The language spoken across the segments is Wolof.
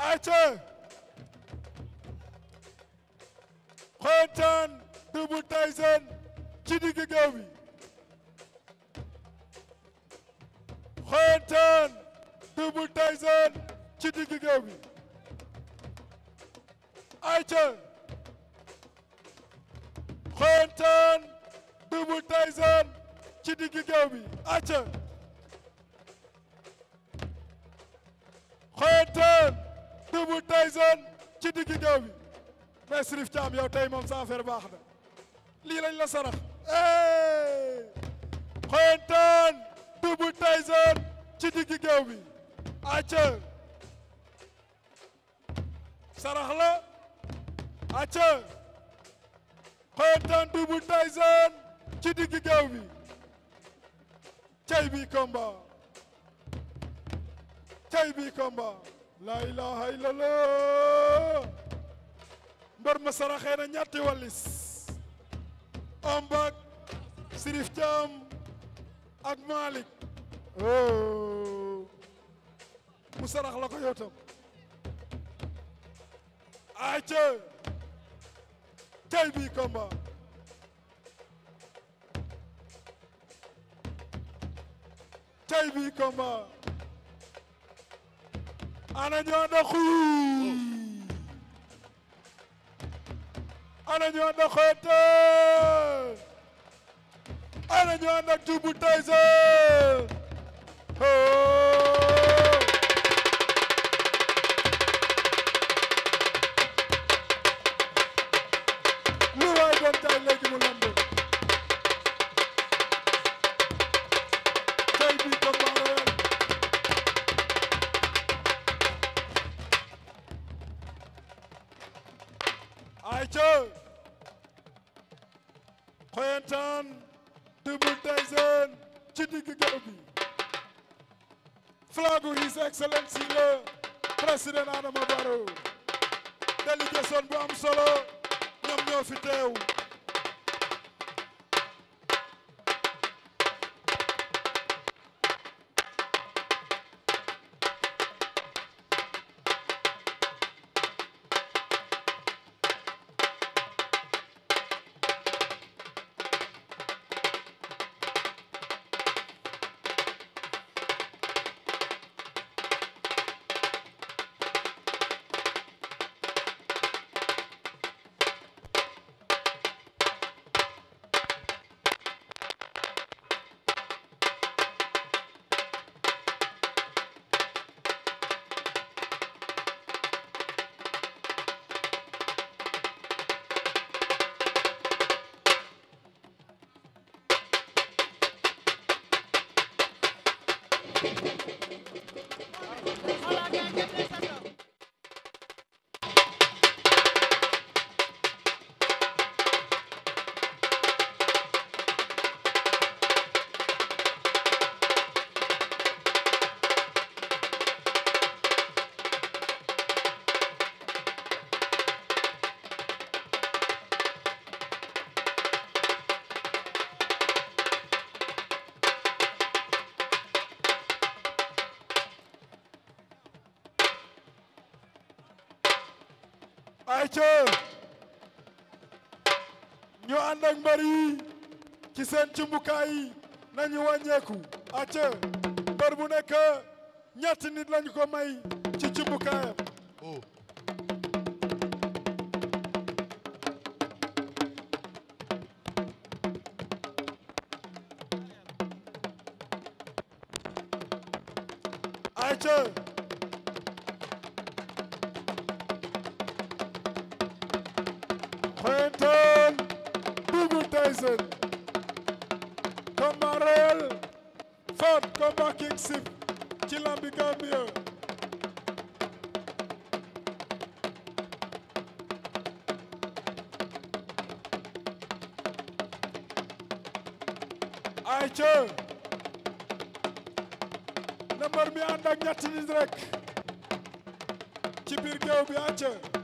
acca xoyantaan Double Tyson ci digg géew bi xoyantaan Double Tyson ci digg géew bi Double Tyson ci digg géew bi mais Sirif Thiam yow tey moom sa affaire baax na lii lañ la sarax xoyantaan Double Tyson ci digg géew bi acca sarax ci digg géew bi cey bi combat bi combat laa ilaha illallah mbër ma saraxee ñatti walis ambak sirif caam ak malik oh. mu sarax la ko yow tam aca tey bi combat tey bi ana ñoo doxuy ana ñoo doxote ana ñoo dox tubu Tyson Double Tyson ci digg géew bi flagu His Excellency le président Adama Barrow délégation bu am solo ñoom ñoo fi teew ay ca ñu ànd ak mbër ci seen cumbukaay yi nañu wàññeeku ay ca mbër bu nekk ñetti nit lañu ko may ci cumbukaayam oh. ay ca na mi ànd ak ñetti nit ci biir géew bi ay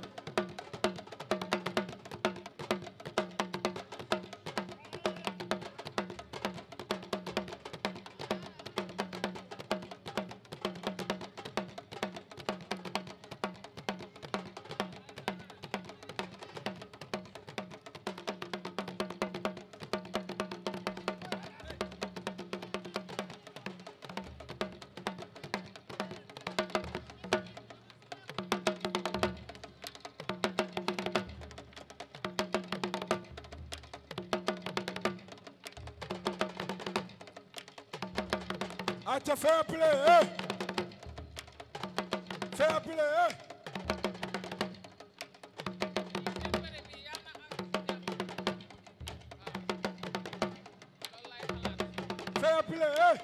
acca fair play eh? fair play eh? fair play eh?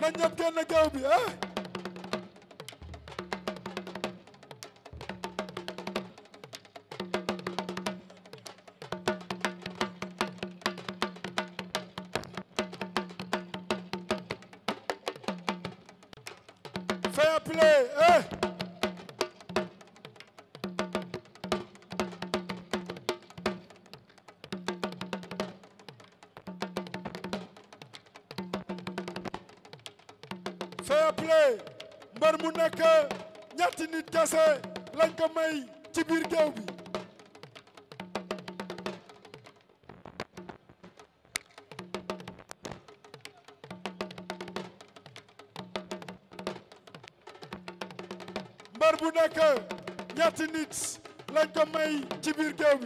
na ñëpp génn géew bi fair play. Hey. Eh? fair mu nekk ñetti nit kese lañ ko may ci biir bi. nekk ñetti nit lañ ko may ci biir géew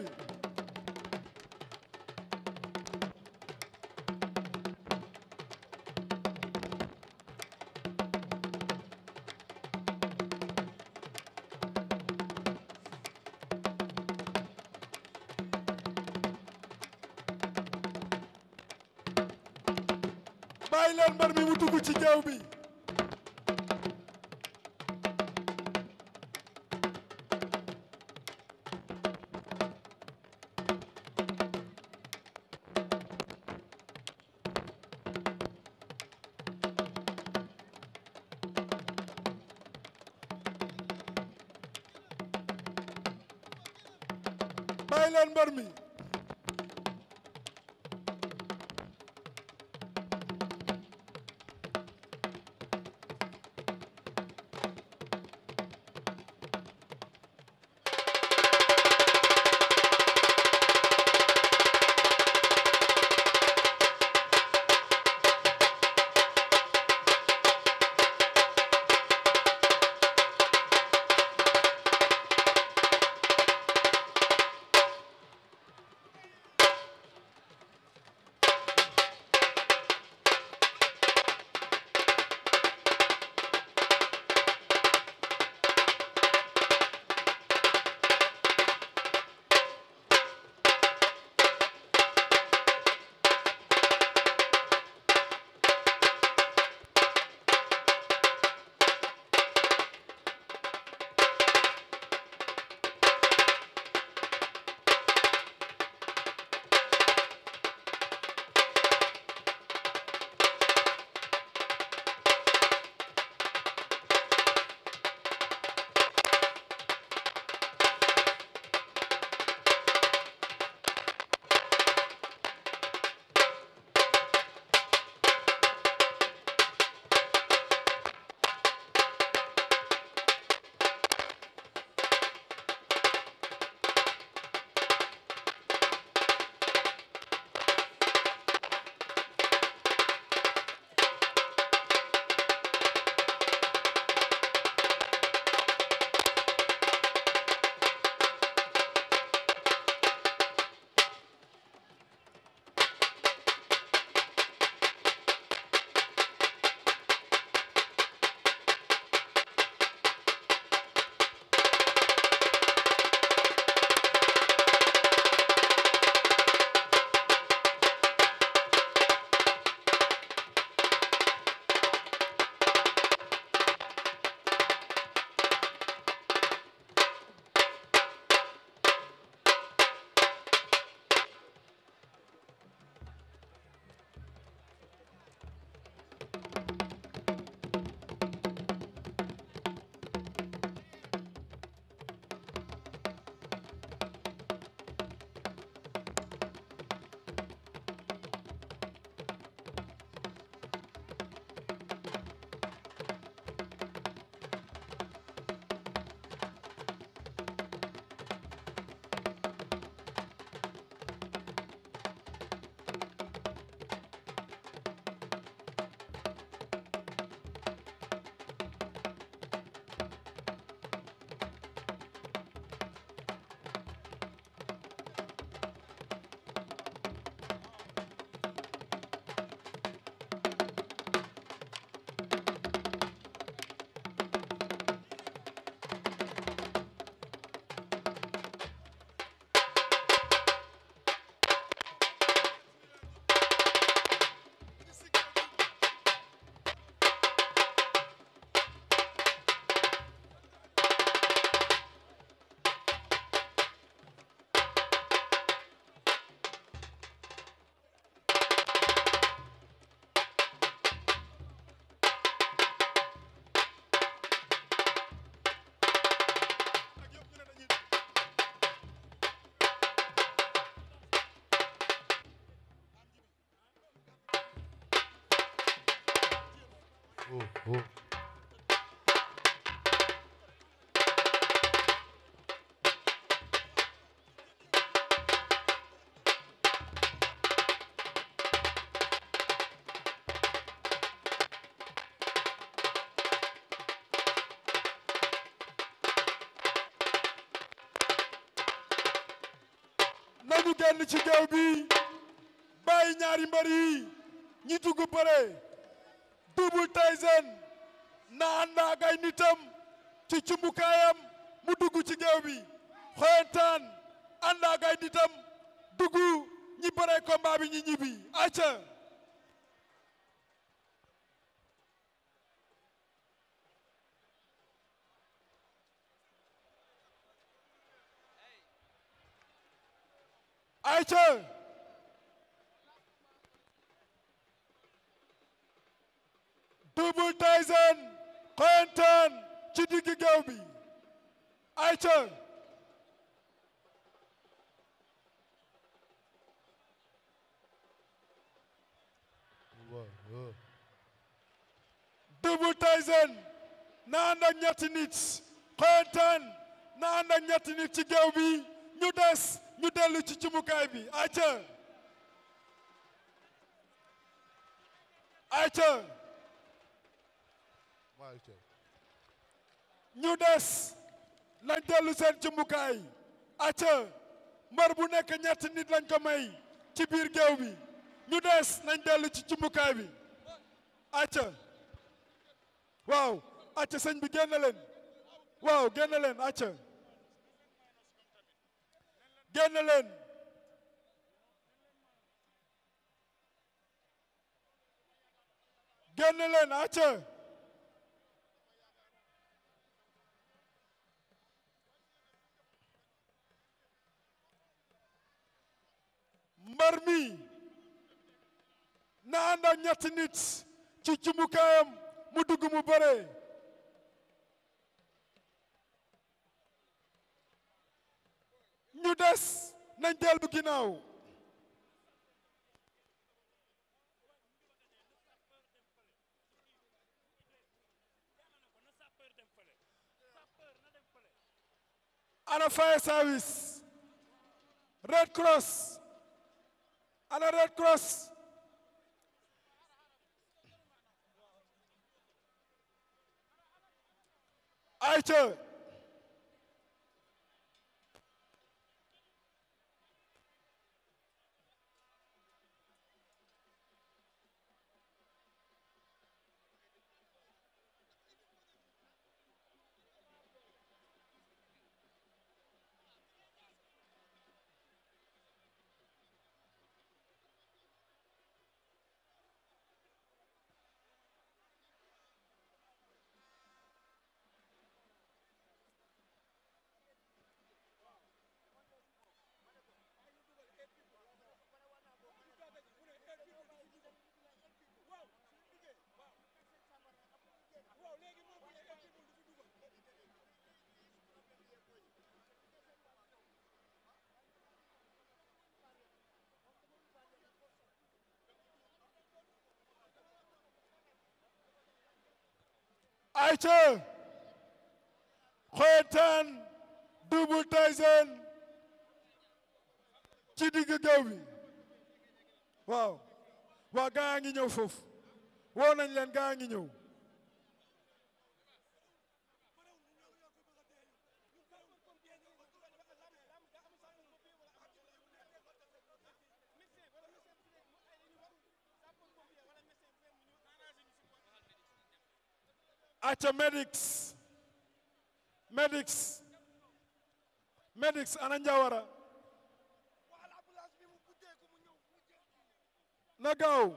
faaw ñu génn ci géew bi bàyyi ñaari mbër yi ñi dugg bëre Double Tyson na ànd ci cumbukaayam mu dugg ci géew bi xoyantaan ànd ak ñi bëre combat bi ñi ñibbi acca ayca Double Tyson xoyantaan ci digg géew bi ayca Double Tyson na ànd ak ñetti nit xoyantaan na ànd ak ci géew bi ñu des ñu dellu ci cumukaay bi acca acca ñu des lañ dellu seen cumukaay acca mbar bu nekk ñetti nit lañ ko may ci biir géew bi ñu des nañ dellu ci cumukaay bi acca waaw acca sëñ bi génn leen waaw génn acca génn leen génn leen acca mbar mi na ànd ak ñetti nit ci jumukaayam mu dugg mu bëree ñu des nañ del bu ginnaaw ana fire service red cross ana red cross ayca ai Ayca tan Double Tyson ci digg gaw bi waaw waa gaa ngi ñëw foofu woo nañ leen gaa ngi ñëw aca medix medix medix ana njawara na gaaw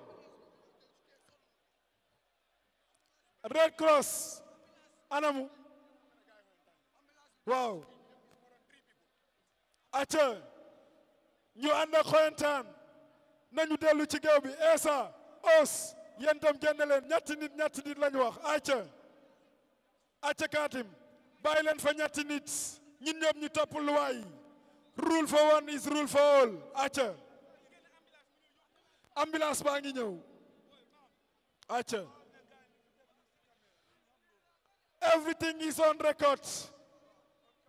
red cross anamu waaw aca ñu ànd ak xoyantaan nañu dellu ci géew bi eesa os yéen tam génne leen ñetti nit ñetti nit lañu wax aca acca kaatim bàyyi leen fa ñetti nit ñun ñëpp ñu topp rule for one is rule for all acca ambulance baa ngi ñëw acca everything is on record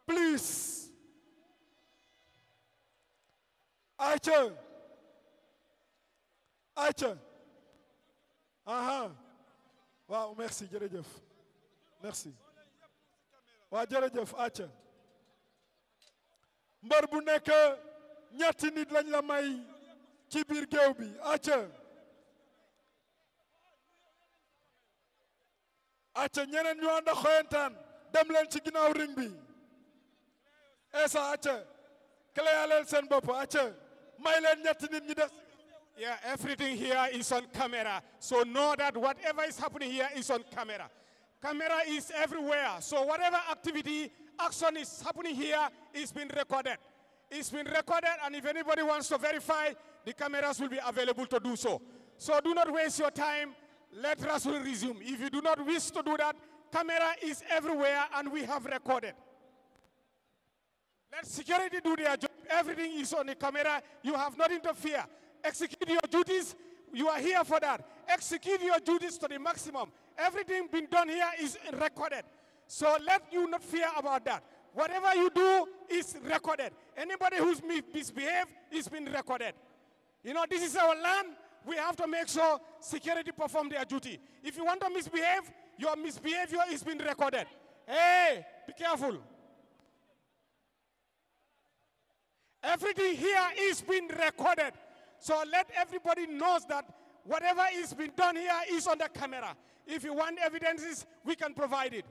please acca acca aha waaw merci jërëjëf merci waa jef acha mbër bu nekk ñetti nit lañ la may ci biir géew bi acha acca ñeneen ñu ànd a xoyantaan dem leen ci ginnaaw ring bi esa acca cléaleel seen bopp acca may leen ñetti nit ñi des Yeah, everything here is on camera. So know that whatever is happening here is on camera. Camera is everywhere. So whatever activity, action is happening here is being recorded. It's been recorded, and if anybody wants to verify, the cameras will be available to do so. So do not waste your time. Let us resume. If you do not wish to do that, camera is everywhere, and we have recorded. Let security do their job. Everything is on the camera. You have nothing to fear. Execute your duties. You are here for that. Execute your duties to the maximum. Everything being done here is recorded. So let you not fear about that. Whatever you do is recorded. Anybody who's misbehaved is being recorded. You know, this is our land. We have to make sure security perform their duty. If you want to misbehave, your misbehavior is being recorded. Hey, be careful. Everything here is being recorded. So let everybody knows that whatever is being done here is on the camera. If you want evidences, we can provide it.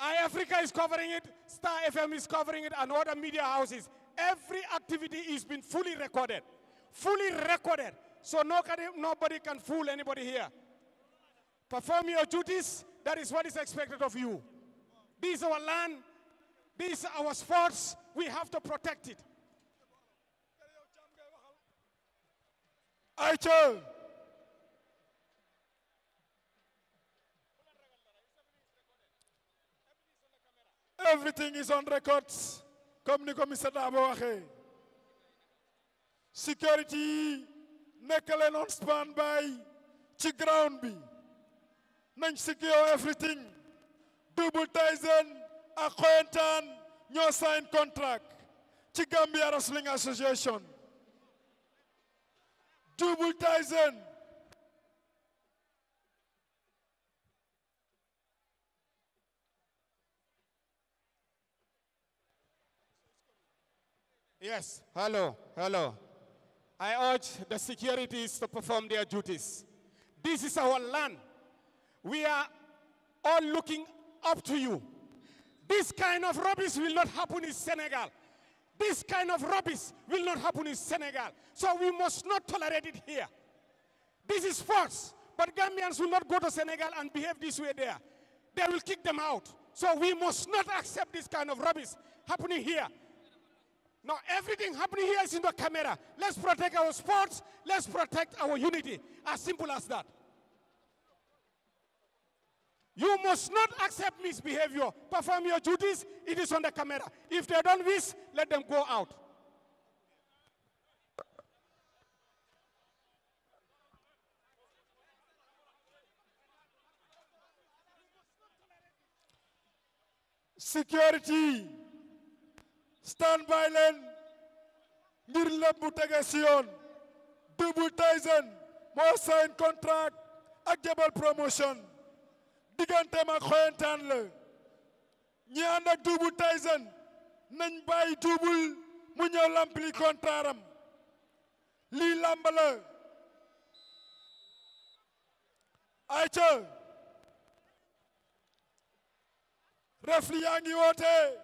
iAfrica is covering it, Star FM is covering it, and other media houses. Every activity is being fully recorded, fully recorded, so nobody, nobody can fool anybody here. Perform your duties, that is what is expected of you. This is our land, This is our sports, we have to protect it. Aicha! everything is on record comme ni ko monsieur Dabo waxee sécurité yi nekk leen on standby ci ground bi nañ secure everything Double Tyson ak Xoyantaan ñoo sign contract ci Gambia Wrestling Association Double Tyson Yes, hello, hello. I urge the securities to perform their duties. This is our land. We are all looking up to you. This kind of rubbish will not happen in Senegal. This kind of rubbish will not happen in Senegal. So we must not tolerate it here. This is false. But Gambians will not go to Senegal and behave this way there. They will kick them out. So we must not accept this kind of rubbish happening here. Now everything happening here is in the camera. Let's protect our sports. Let's protect our unity. As simple as that. You must not accept misbehavior. Perform your duties. It is on the camera. If they don't wish, let them go out. Security. stand by leen ngir lépp bu tege si yoon Dubu moo sign contract ak Jabal Promotion digganteem ak xoyantaan la ñi ànd ak Dubu Tyson nañ bàyyi duubul mu ñëw lampli contrat lii làmb la ayca ref li yaa ngi wootee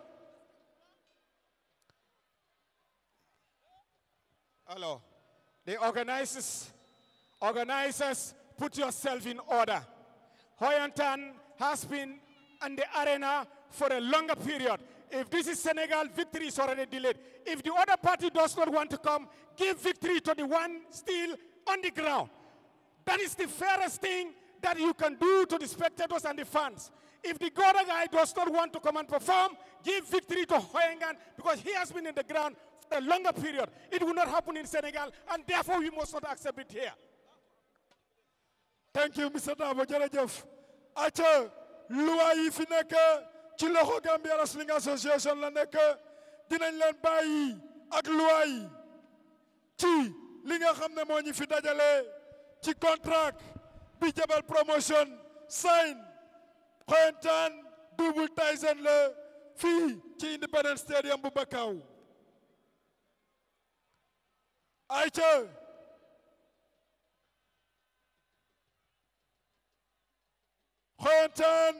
Hello. The organizers, organizers, put yourself in order. Hoyantan has been in the arena for a longer period. If this is Senegal, victory is already delayed. If the other party does not want to come, give victory to the one still on the ground. That is the fairest thing that you can do to the spectators and the fans. If the Goda guy does not want to come and perform, give victory to Hoyangan because he has been in the ground a longer period. It will not happen in Senegal, and therefore we must not accept here. Thank you, Mr. Dabo Jerejef. Acha, loi yi fi nekk ci loxo Gambia Wrestling Association la nekk dinañ leen bàyyi ak loi ci li nga xam ne moo ñu fi dajale ci contract bi Jabal Promotion sign xoyantaan double Tyson la fii ci Independence Stadium bu ai chơi xoyantaan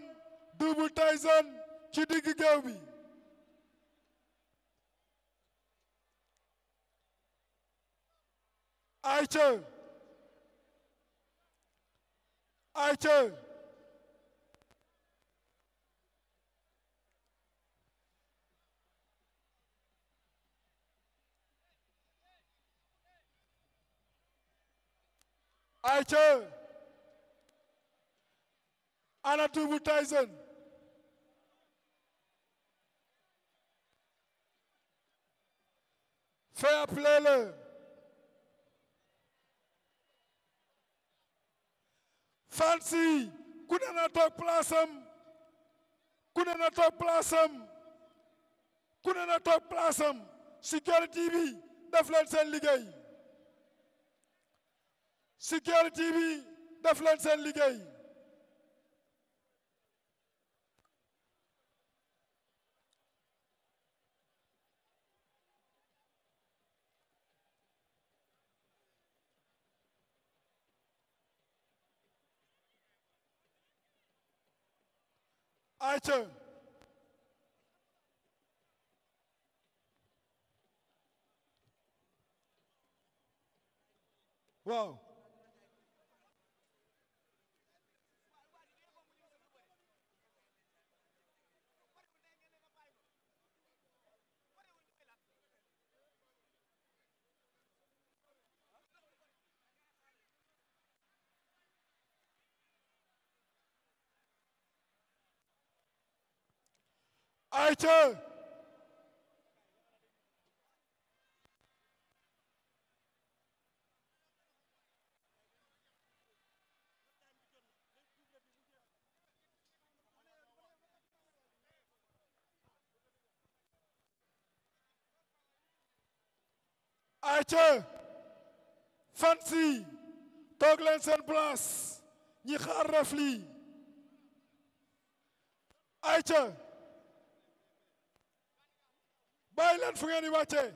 Double Tyson ci digg géew bi ay cë ay cë ay ca ana Double Tyson fair play la fansi ku ne na toog place ku ne na toog place am ku ne na toog place am security bi leen seen liggéey Security bi def leen seen liggéey ayca waaw Arthur! Arthur! Fancy! toog leen seen place ñi xaar ref lii ayca Maryland fungeni wache